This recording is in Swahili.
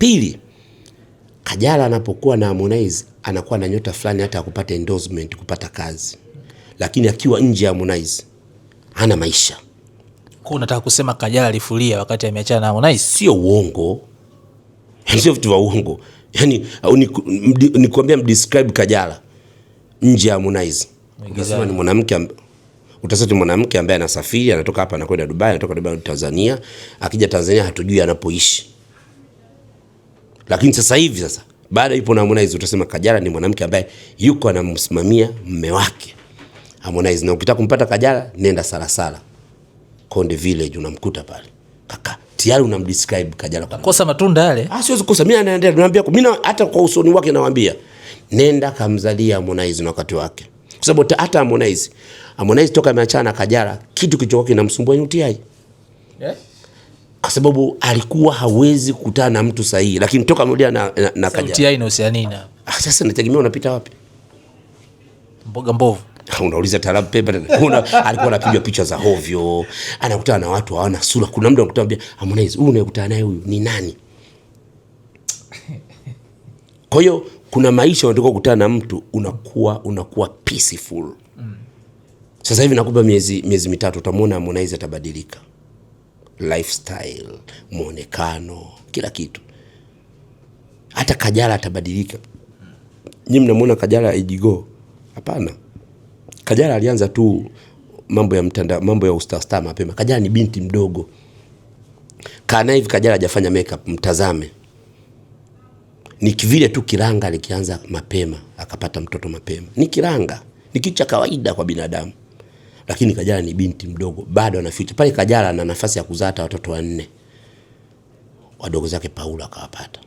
Pili, Kajala anapokuwa na Harmonize anakuwa na nyota fulani hata akupata endorsement kupata kazi, lakini akiwa nje ya Harmonize hana maisha. Kwa unataka kusema Kajala alifulia wakati ameachana na Harmonize? Sio uongo, sio vitu vya uongo. Yani nikwambia mdescribe Kajala nje ya Harmonize, utasema ni mwanamke amb... utasema ni mwanamke ambaye anasafiri, anatoka hapa anakwenda Dubai, anatoka Dubai Tanzania, akija Tanzania hatujui anapoishi lakini sasa hivi sasa baada yupo na Harmonize utasema Kajala ni mwanamke ambaye yuko anamsimamia mume wake Harmonize, na ukitaka kumpata Kajala nenda sala sala Konde Village, unamkuta pale kaka tayari unamdescribe Kajala kwa kosa matunda yale. Ah, siwezi kosa mimi, anaendelea tunaambia mimi, hata kwa usoni wake nawaambia, nenda kamzalia Harmonize na wakati wake, kwa sababu hata Harmonize Harmonize toka ameachana na Kajala, kitu kilichokuwa kinamsumbua ni UTI Yeah kwa sababu alikuwa hawezi kukutana na mtu sahihi, lakini toka mmoja na, na, na Ah, Sasa nategemea unapita wapi? Mboga mbovu unauliza taarabu pepe una, alikuwa anapiga picha za hovyo, anakutana na watu hawana sura. Kuna mtu anakutambia Harmonize, huyu unayekutana naye huyu ni nani? Kwa hiyo kuna maisha unatoka kukutana na mtu unakuwa unakuwa peaceful. Mm. Sasa hivi nakupa miezi miezi mitatu, utamwona Harmonize atabadilika lifestyle, mwonekano, kila kitu. Hata Kajala atabadilika. Nyinyi mnamwona Kajala ijigo? Hapana, Kajala alianza tu mambo ya mtanda, mambo ya ustasta mapema. Kajala ni binti mdogo, kana hivi Kajala hajafanya makeup, mtazame ni kivile tu kiranga alikianza mapema akapata mtoto mapema. Ni kiranga, ni kitu cha kawaida kwa binadamu lakini Kajala ni binti mdogo bado ana future pale. Kajala ana nafasi ya kuzaa hata watoto wanne, wadogo zake Paula akawapata.